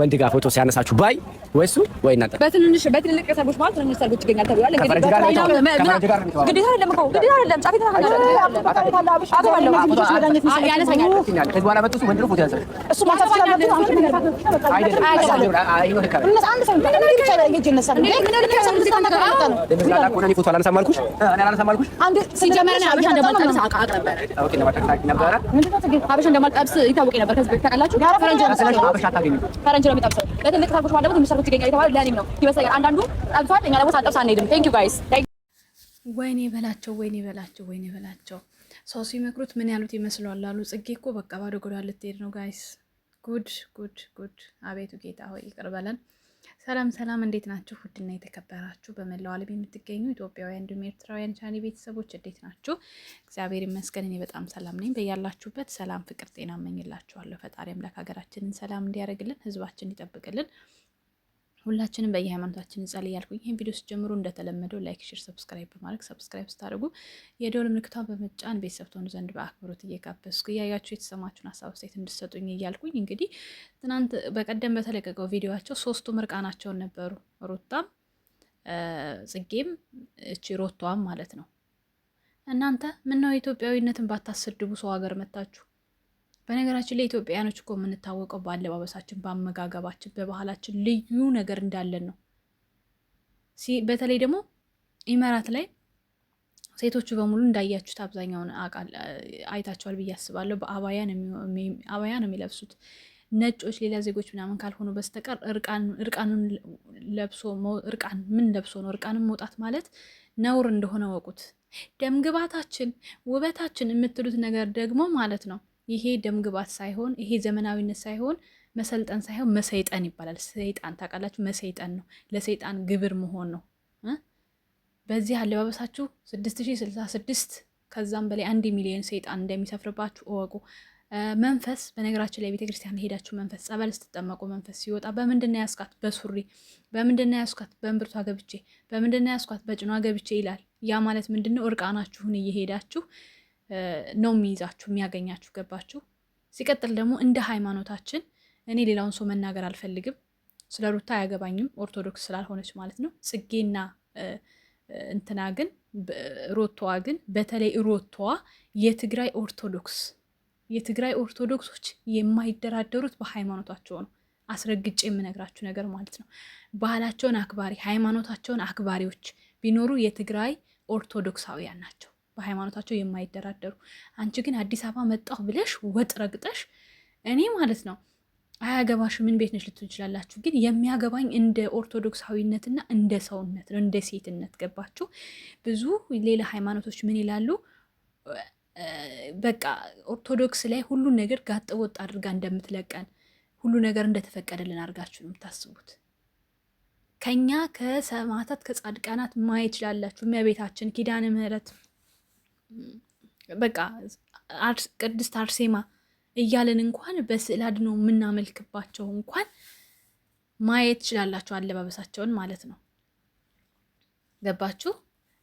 ወንድ ጋር ፎቶ ሲያነሳችሁ ባይ ወይሱ ወይ እናንተ በትንንሽ በትልልቅ ሰርጎች ማለት ትንንሽ ሰርጎች ይገኛል ተብሏል። እንግዲህ ግዴታ አይደለም እኮ ግዴታ አይደለም። ነው የሚጠብሰው። ለትልቅ ሰርጎች ማለበት የሚሰርጉት ይገኛል የተባለ ለእኔም ነው ይመስለኛል። አንዳንዱ ጠብሷል፣ እኛ ደግሞ ሳንጠብስ አንሄድም። ቴንክ ዩ ጋይስ። ወይኔ በላቸው፣ ወይኔ በላቸው፣ ወይኔ በላቸው። ሰው ሲመክሩት ምን ያሉት ይመስለዋል አሉ። ጽጌ እኮ በቃ ባዶ ጎዳ ልትሄድ ነው ጋይስ። ጉድ ጉድ ጉድ! አቤቱ ጌታ ሆይ ይቅር በለን። ሰላም ሰላም፣ እንዴት ናችሁ? ውድና የተከበራችሁ በመላው ዓለም የምትገኙ ኢትዮጵያውያን እንዲሁም ኤርትራውያን ቻኔ ቤተሰቦች እንዴት ናችሁ? እግዚአብሔር ይመስገን እኔ በጣም ሰላም ነኝ። በያላችሁበት ሰላም፣ ፍቅር፣ ጤና እመኝላችኋለሁ። ፈጣሪ አምላክ ሀገራችንን ሰላም እንዲያደርግልን፣ ህዝባችን ይጠብቅልን ሁላችንም በየሃይማኖታችን እንጸልይ ያልኩኝ። ይህን ቪዲዮ ስጀምሩ እንደተለመደው ላይክ፣ ሽር፣ ሰብስክራይብ በማድረግ ሰብስክራይብ ስታደርጉ የደወል ምልክቷን በመጫን ቤተሰብ ትሆኑ ዘንድ በአክብሮት እየጋበዝኩ እያያችሁ የተሰማችሁን ሀሳብ አስተያየት እንድሰጡኝ እያልኩኝ እንግዲህ ትናንት በቀደም በተለቀቀው ቪዲዮቸው ሶስቱ እርቃናቸውን ነበሩ። ሩታም ጽጌም እቺ ሮቷም ማለት ነው። እናንተ ምነው ኢትዮጵያዊነትን ባታሰድቡ ሰው ሀገር መታችሁ በነገራችን ላይ ኢትዮጵያውያኖች እኮ የምንታወቀው በአለባበሳችን፣ በአመጋገባችን፣ በባህላችን ልዩ ነገር እንዳለን ነው። በተለይ ደግሞ ኢመራት ላይ ሴቶቹ በሙሉ እንዳያችሁት አብዛኛውን አይታችኋል ብዬ አስባለሁ። በአባያ ነው የሚለብሱት። ነጮች ሌላ ዜጎች ምናምን ካልሆኑ በስተቀር እርቃኑን ለብሶ እርቃን ምን ለብሶ ነው እርቃንን መውጣት ማለት ነውር እንደሆነ ወቁት። ደምግባታችን ውበታችን የምትሉት ነገር ደግሞ ማለት ነው ይሄ ደምግባት ሳይሆን ይሄ ዘመናዊነት ሳይሆን መሰልጠን ሳይሆን መሰይጠን ይባላል። ሰይጣን ታውቃላችሁ፣ መሰይጠን ነው። ለሰይጣን ግብር መሆን ነው። በዚህ አለባበሳችሁ ስድስት ሺህ ስልሳ ስድስት ከዛም በላይ አንድ ሚሊዮን ሰይጣን እንደሚሰፍርባችሁ እወቁ። መንፈስ በነገራችን ላይ ቤተክርስቲያን ሄዳችሁ መንፈስ ጸበል ስትጠመቁ መንፈስ ሲወጣ በምንድና ያስኳት በሱሪ በምንድና ያስኳት በእምብርቷ ገብቼ በምንድና ያስኳት በጭኗ ገብቼ ይላል። ያ ማለት ምንድነው እርቃናችሁን እየሄዳችሁ ነው የሚይዛችሁ የሚያገኛችሁ። ገባችሁ? ሲቀጥል ደግሞ እንደ ሃይማኖታችን እኔ ሌላውን ሰው መናገር አልፈልግም። ስለ ሩታ አያገባኝም፣ ኦርቶዶክስ ስላልሆነች ማለት ነው። ጽጌና እንትና ግን ሮቶዋ ግን በተለይ ሮቶዋ የትግራይ ኦርቶዶክስ የትግራይ ኦርቶዶክሶች የማይደራደሩት በሃይማኖታቸው ነው። አስረግጬ የምነግራችሁ ነገር ማለት ነው። ባህላቸውን አክባሪ ሃይማኖታቸውን አክባሪዎች ቢኖሩ የትግራይ ኦርቶዶክሳውያን ናቸው። በሃይማኖታቸው የማይደራደሩ አንቺ ግን አዲስ አበባ መጣሁ ብለሽ ወጥ ረግጠሽ እኔ ማለት ነው አያገባሽ ምን ቤት ነች ልትሆን ይችላላችሁ። ግን የሚያገባኝ እንደ ኦርቶዶክሳዊነትና እንደ ሰውነት ነው፣ እንደ ሴትነት ገባችሁ። ብዙ ሌላ ሃይማኖቶች ምን ይላሉ? በቃ ኦርቶዶክስ ላይ ሁሉን ነገር ጋጥ ወጥ አድርጋ እንደምትለቀን ሁሉ ነገር እንደተፈቀደልን አድርጋችሁ ነው የምታስቡት። ከኛ ከሰማዕታት ከጻድቃናት ማየት ይችላላችሁ። እመቤታችን ኪዳነ ምሕረት በቃ ቅድስት አርሴማ እያለን እንኳን በስዕል አድኖ የምናመልክባቸው እንኳን ማየት ትችላላችሁ፣ አለባበሳቸውን ማለት ነው። ገባችሁ?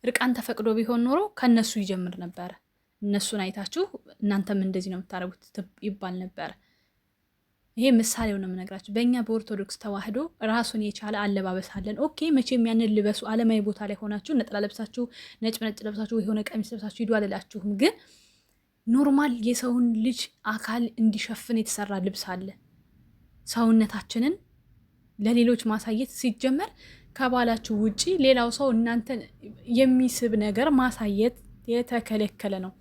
ርቃን ተፈቅዶ ቢሆን ኖሮ ከእነሱ ይጀምር ነበረ። እነሱን አይታችሁ እናንተም እንደዚህ ነው የምታደርጉት ይባል ነበር። ይሄ ምሳሌው ነው የምነግራቸው። በእኛ በኦርቶዶክስ ተዋህዶ ራሱን የቻለ አለባበስ አለን። ኦኬ መቼም ያንን ልበሱ። አለማዊ ቦታ ላይ ሆናችሁ ነጠላ ለብሳችሁ፣ ነጭ ነጭ ለብሳችሁ፣ የሆነ ቀሚስ ለብሳችሁ ሂዱ አልላችሁም። ግን ኖርማል የሰውን ልጅ አካል እንዲሸፍን የተሰራ ልብስ አለ። ሰውነታችንን ለሌሎች ማሳየት ሲጀመር ከባላችሁ ውጪ ሌላው ሰው እናንተን የሚስብ ነገር ማሳየት የተከለከለ ነው።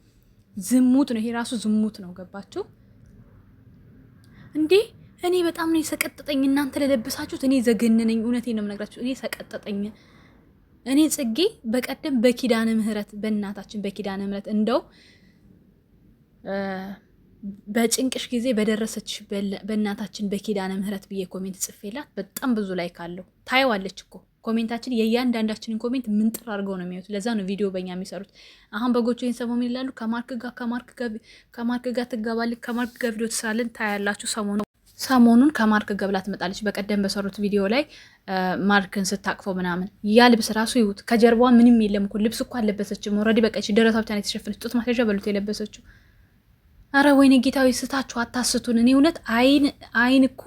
ዝሙት ነው ይሄ ራሱ ዝሙት ነው። ገባችሁ? እንዴ እኔ በጣም ነው የሰቀጠጠኝ። እናንተ ለለበሳችሁት እኔ ዘገነነኝ። እውነቴ ነው የምነግራችሁ፣ እኔ ሰቀጠጠኝ። እኔ ጽጌ በቀደም በኪዳነ ምሕረት በእናታችን በኪዳነ ምሕረት እንደው በጭንቅሽ ጊዜ በደረሰች በእናታችን በኪዳነ ምሕረት ብዬ ኮሜንት ጽፌላት በጣም ብዙ ላይ ካለው ታየዋለች እኮ ኮሜንታችን የእያንዳንዳችንን ኮሜንት ምንጥር አድርገው ነው የሚወት። ለዛ ነው ቪዲዮ በእኛ የሚሰሩት። አሁን በጎቹ ይህን ሰሞኑን ይላሉ ከማርክ ጋር ከማርክ ጋር ትገባለች፣ ከማርክ ጋር ቪዲዮ ትሰራለን ታያላችሁ ሰሞኑ ሰሞኑን ከማርክ ገብላ ትመጣለች። በቀደም በሰሩት ቪዲዮ ላይ ማርክን ስታቅፈው ምናምን ያ ልብስ ራሱ ይሁት ከጀርባዋ ምንም የለም እኮ ልብስ እኮ አለበሰችም። ኦልሬዲ በቀች ደረቷ ብቻ ነው የተሸፈነች። ጡት ማስያዣ በሉት የለበሰችው። አረ ወይኔ ጌታዊ ስታችሁ አታስቱን። እኔ እውነት አይን አይን እኮ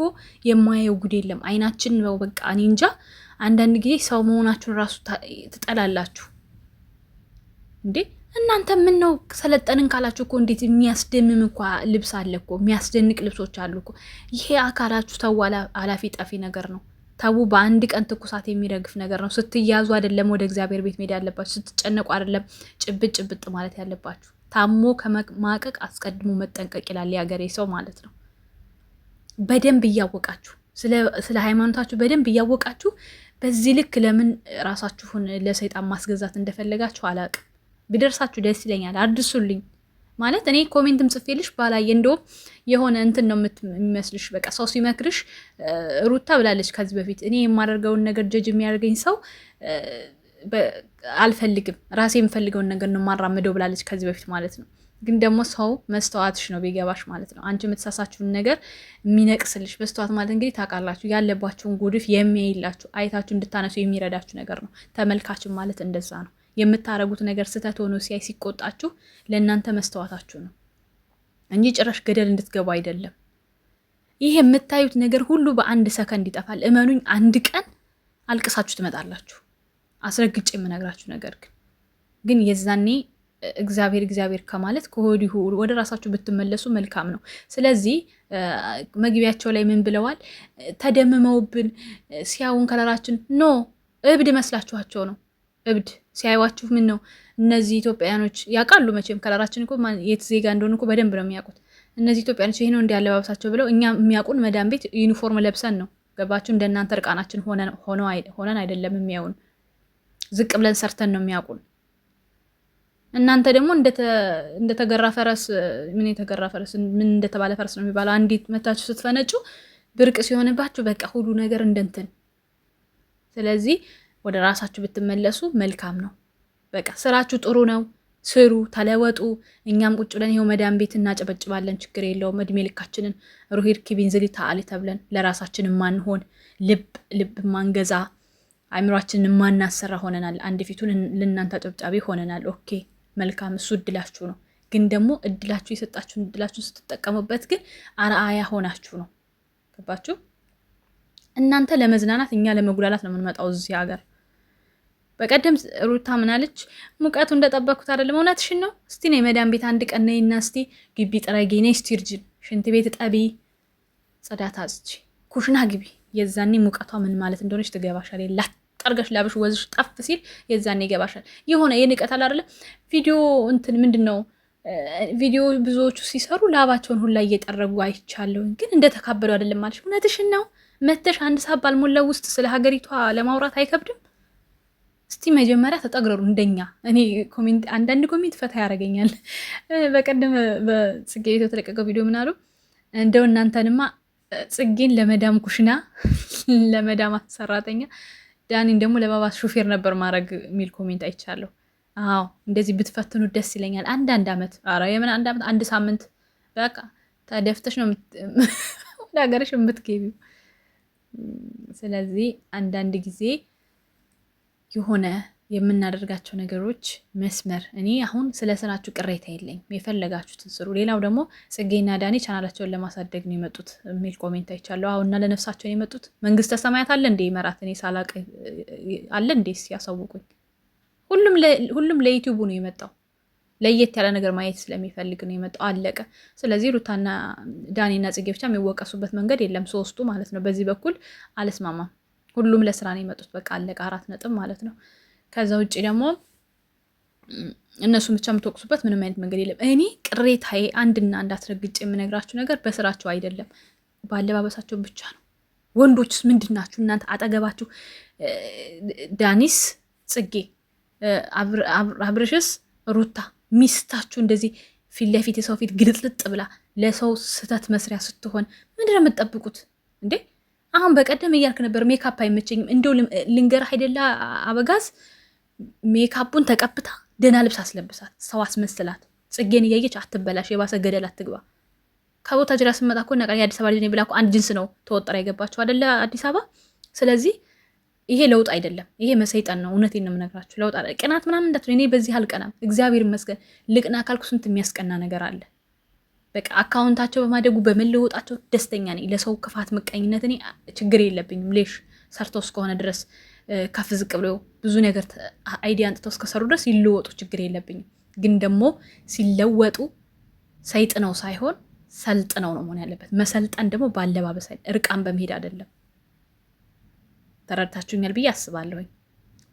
የማየው ጉድ የለም አይናችን በቃ እኔ እንጃ አንዳንድ ጊዜ ሰው መሆናችሁን ራሱ ትጠላላችሁ እንዴ። እናንተ ምን ነው ሰለጠንን ካላችሁ እኮ እንዴት የሚያስደምም እኳ ልብስ አለ እኮ የሚያስደንቅ ልብሶች አሉ እኮ። ይሄ አካላችሁ ተው አላፊ ጠፊ ነገር ነው። ተው በአንድ ቀን ትኩሳት የሚረግፍ ነገር ነው። ስትያዙ አይደለም ወደ እግዚአብሔር ቤት መሄድ ያለባችሁ። ስትጨነቁ አይደለም ጭብጥ ጭብጥ ማለት ያለባችሁ። ታሞ ከማቀቅ አስቀድሞ መጠንቀቅ ይላል የሀገሬ ሰው ማለት ነው። በደንብ እያወቃችሁ ስለ ሃይማኖታችሁ በደንብ እያወቃችሁ በዚህ ልክ ለምን ራሳችሁን ለሰይጣን ማስገዛት እንደፈለጋችሁ አላውቅም። ቢደርሳችሁ ደስ ይለኛል። አድሱልኝ ማለት እኔ ኮሜንትም ጽፌልሽ ባላየ እንደውም የሆነ እንትን ነው የሚመስልሽ። በቃ ሰው ሲመክርሽ ሩታ ብላለች ከዚህ በፊት እኔ የማደርገውን ነገር ጀጅ የሚያደርገኝ ሰው አልፈልግም፣ ራሴ የምፈልገውን ነገር ነው የማራምደው ብላለች ከዚህ በፊት ማለት ነው። ግን ደግሞ ሰው መስተዋትሽ ነው ቢገባሽ ማለት ነው። አንቺ የምትሳሳችሁን ነገር የሚነቅስልሽ መስተዋት ማለት እንግዲህ ታውቃላችሁ፣ ያለባችሁን ጉድፍ የሚያይላችሁ አይታችሁ እንድታነሱ የሚረዳችሁ ነገር ነው። ተመልካችን ማለት እንደዛ ነው። የምታረጉት ነገር ስህተት ሆኖ ሲያይ ሲቆጣችሁ ለእናንተ መስተዋታችሁ ነው እንጂ ጭራሽ ገደል እንድትገቡ አይደለም። ይሄ የምታዩት ነገር ሁሉ በአንድ ሰከንድ ይጠፋል። እመኑኝ፣ አንድ ቀን አልቅሳችሁ ትመጣላችሁ። አስረግጬ የምነግራችሁ ነገር ግን ግን የዛኔ እግዚአብሔር እግዚአብሔር ከማለት ከወዲሁ ወደ ራሳችሁ ብትመለሱ መልካም ነው። ስለዚህ መግቢያቸው ላይ ምን ብለዋል? ተደምመውብን ሲያዩን ከለራችን ኖ እብድ መስላችኋቸው ነው። እብድ ሲያዩዋችሁ ምን ነው እነዚህ ኢትዮጵያውያኖች ያውቃሉ መቼም ከለራችን እኮ የት ዜጋ እንደሆኑ እኮ በደንብ ነው የሚያውቁት። እነዚህ ኢትዮጵያኖች ይህ ነው እንዲያለባበሳቸው ብለው እኛ የሚያውቁን መዳን ቤት ዩኒፎርም ለብሰን ነው። ገባችሁ? እንደእናንተ እርቃናችን ሆነን አይደለም የሚያዩን፣ ዝቅ ብለን ሰርተን ነው የሚያውቁን። እናንተ ደግሞ እንደተገራ ፈረስ ምን የተገራ ፈረስ ምን እንደተባለ ፈረስ ነው የሚባለው። አንዲት መታችሁ ስትፈነጩ ብርቅ ሲሆንባችሁ በቃ ሁሉ ነገር እንደንትን። ስለዚህ ወደ ራሳችሁ ብትመለሱ መልካም ነው። በቃ ስራችሁ ጥሩ ነው፣ ስሩ፣ ተለወጡ። እኛም ቁጭ ብለን ይኸው መዳን ቤት እናጨበጭባለን፣ ችግር የለውም። እድሜ ልካችንን ሩሂድ ኪቢንዝሊ ታአሊ ተብለን ለራሳችን የማንሆን ልብ ልብ ማንገዛ አይምሯችንን ማናሰራ ሆነናል። አንድ ፊቱን ልናንተ አጨብጫቢ ሆነናል። ኦኬ መልካም፣ እሱ እድላችሁ ነው። ግን ደግሞ እድላችሁ የሰጣችሁን እድላችሁን ስትጠቀሙበት ግን አርአያ ሆናችሁ ነው። ገባችሁ? እናንተ ለመዝናናት እኛ ለመጉላላት ነው የምንመጣው እዚህ ሀገር። በቀደም ሩታ ምናለች? ሙቀቱ እንደጠበኩት አይደለም። እውነትሽን ነው። እስቲ ነው የመዳን ቤት አንድ ቀን ነይና እስቲ ግቢ ጥረጊ፣ ነይ እስቲ እርጅን፣ ሽንት ቤት ጠቢ፣ ጽዳት አጽጂ፣ ኩሽና ግቢ። የዛኔ ሙቀቷ ምን ማለት እንደሆነች ትገባሻል የላት ጠርገሽ ላብሽ ወዝሽ ጠፍ ሲል የዛን ይገባሻል። የሆነ የንቀት አለ ቪዲዮ እንትን ምንድን ነው ቪዲዮ ብዙዎቹ ሲሰሩ ላባቸውን ሁላ እየጠረጉ አይቻለሁ፣ ግን እንደተካበዱ አይደለም ማለሽ። እውነትሽን ነው። መተሽ አንድ ሰዓት ባልሞላ ውስጥ ስለ ሀገሪቷ ለማውራት አይከብድም። እስቲ መጀመሪያ ተጠግረሩ እንደኛ። እኔ አንዳንድ ኮሜንት ፈታ ያደርገኛል። በቀደም በጽጌ ቤት የተለቀቀው ቪዲዮ ምናሉ እንደው እናንተንማ ጽጌን ለመዳም ኩሽና ለመዳም ሰራተኛ ዳኒን ደግሞ ለባባስ ሹፌር ነበር ማድረግ የሚል ኮሜንት አይቻለሁ። አዎ እንደዚህ ብትፈትኑት ደስ ይለኛል። አንዳንድ ዓመት ኧረ የምን አንድ ዓመት አንድ ሳምንት በቃ ተደፍተሽ ነው ወደ ሀገርሽ የምትገቢው። ስለዚህ አንዳንድ ጊዜ የሆነ የምናደርጋቸው ነገሮች መስመር። እኔ አሁን ስለ ስራችሁ ቅሬታ የለኝም፣ የፈለጋችሁትን ስሩ። ሌላው ደግሞ ጽጌና ዳኔ ቻናላቸውን ለማሳደግ ነው የመጡት የሚል ኮሜንት አይቻለሁ። አሁንና ለነፍሳቸውን የመጡት መንግስተ ሰማያት አለ እንዴ ይመራት? እኔ ሳላቅ አለ እንዴ? ያሳውቁኝ። ሁሉም ለዩቲዩቡ ነው የመጣው። ለየት ያለ ነገር ማየት ስለሚፈልግ ነው የመጣው። አለቀ። ስለዚህ ሩታና ዳኔና ጽጌ ብቻ የሚወቀሱበት መንገድ የለም። ሶስቱ ማለት ነው። በዚህ በኩል አልስማማም። ሁሉም ለስራ ነው የመጡት። በቃ አለቀ። አራት ነጥብ ማለት ነው። ከዛ ውጭ ደግሞ እነሱን ብቻ የምትወቅሱበት ምንም አይነት መንገድ የለም። እኔ ቅሬታዬ አንድና አንድ አስረግጭ የምነግራችሁ ነገር በስራቸው አይደለም፣ በአለባበሳቸው ብቻ ነው። ወንዶችስ ምንድን ናችሁ እናንተ? አጠገባችሁ ዳኒስ፣ ጽጌ፣ አብርሽስ፣ ሩታ ሚስታችሁ እንደዚህ ፊት ለፊት የሰው ፊት ግልጥልጥ ብላ ለሰው ስህተት መስሪያ ስትሆን ምንድነው የምትጠብቁት እንዴ? አሁን በቀደም እያልክ ነበር ሜካፕ አይመቸኝም። እንደው ልንገርህ አይደለ አበጋዝ ሜካፑን ተቀብታ ደህና ልብስ አስለብሳት፣ ሰው አስመስላት። ጽጌን እያየች አትበላሽ፣ የባሰ ገደል አትግባ። ከቦታ ጅራ ስመጣ እኮ ነቀ የአዲስ አበባ ልጅ ብላ አንድ ጅንስ ነው ተወጠረ የገባቸው አደለ አዲስ አበባ። ስለዚህ ይሄ ለውጥ አይደለም፣ ይሄ መሰይጠን ነው። እውነት ነው የምነግራችሁ። ለውጥ አለ ቅናት ምናምን እንዳት እኔ በዚህ አልቀናም፣ እግዚአብሔር ይመስገን። ልቅና ካልኩ ስንት የሚያስቀና ነገር አለ። በቃ አካውንታቸው በማደጉ በመለወጣቸው ደስተኛ ነኝ። ለሰው ክፋት፣ ምቀኝነት እኔ ችግር የለብኝም። ሌሽ ሰርቶ እስከሆነ ድረስ ከፍ ዝቅ ብለው ብዙ ነገር አይዲያ አንጥተው እስከሰሩ ድረስ ይለወጡ፣ ችግር የለብኝም። ግን ደግሞ ሲለወጡ ሰይጥነው ሳይሆን ሰልጥነው ነው መሆን ያለበት። መሰልጠን ደግሞ በአለባበስ እርቃን በመሄድ አይደለም። ተረድታችሁኛል ብዬ አስባለሁኝ።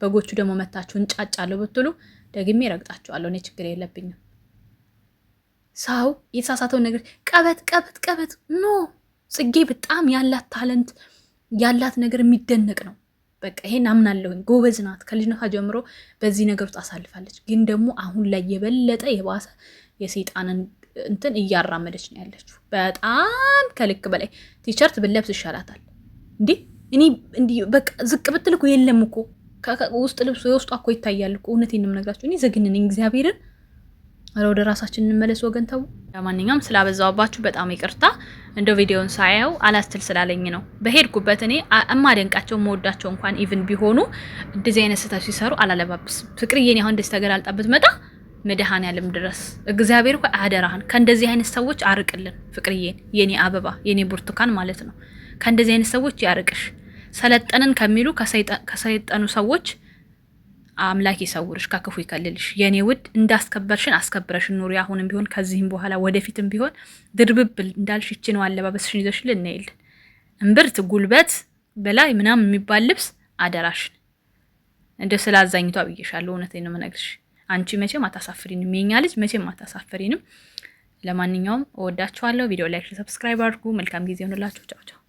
በጎቹ ደግሞ መታችሁ እንጫጫለሁ ብትሉ ደግሜ ረግጣችኋለሁ። እኔ ችግር የለብኝም። ሰው የተሳሳተውን ነገር ቀበት ቀበት ቀበት ኖ ጽጌ በጣም ያላት ታለንት ያላት ነገር የሚደነቅ ነው። በቃ ይሄን አምናለሁኝ። ጎበዝ ናት። ከልጅነቷ ጀምሮ በዚህ ነገር ውስጥ አሳልፋለች። ግን ደግሞ አሁን ላይ የበለጠ የባሰ የሰይጣንን እንትን እያራመደች ነው ያለችው። በጣም ከልክ በላይ ቲሸርት ብለብስ ይሻላታል። እንዲ እኔ እንዲ በቃ ዝቅ ብትል እኮ የለም እኮ ውስጥ ልብሱ የውስጧ እኮ ይታያል እኮ። እውነቴን ነው የምነግራቸው እኔ ዘግንን እግዚአብሔርን አረ ወደ ራሳችን እንመለስ ወገን ተው። ለማንኛውም ስላበዛውባችሁ በጣም ይቅርታ። እንደ ቪዲዮን ሳየው አላስትል ስላለኝ ነው። በሄድኩበት እኔ እማደንቃቸው መወዳቸው እንኳን ኢቭን ቢሆኑ እንደዚህ አይነት ስህተት ሲሰሩ አላለባብስም። ፍቅርዬን አሁን እንደዚህ ተገላልጣበት መጣ መድኃኔዓለም ድረስ እግዚአብሔር እኮ አደራህን ከእንደዚህ አይነት ሰዎች አርቅልን። ፍቅርዬን የኔ አበባ የኔ ብርቱካን ማለት ነው ከእንደዚህ አይነት ሰዎች ያርቅሽ። ሰለጠንን ከሚሉ ከሰይጠኑ ሰዎች አምላክ ይሰውርሽ፣ ከክፉ ይከልልሽ። የኔ ውድ እንዳስከበርሽን አስከብረሽን ኑሪ። አሁንም ቢሆን ከዚህም በኋላ ወደፊትም ቢሆን ድርብብል እንዳልሽ ይቺ ነው አለባበስሽን ይዘሽል እናይልን። እምብርት፣ ጉልበት በላይ ምናምን የሚባል ልብስ አደራሽን። እንደ ስለ አዛኝቷ ብዬሻለሁ። እውነቴን ነው የምነግርሽ። አንቺ መቼም አታሳፍሪንም፣ የኛ ልጅ መቼም አታሳፍሪንም። ለማንኛውም እወዳችኋለሁ። ቪዲዮ ላይክ፣ ሰብስክራይብ አድርጉ። መልካም ጊዜ ሆንላችሁ። ቻው ቻው።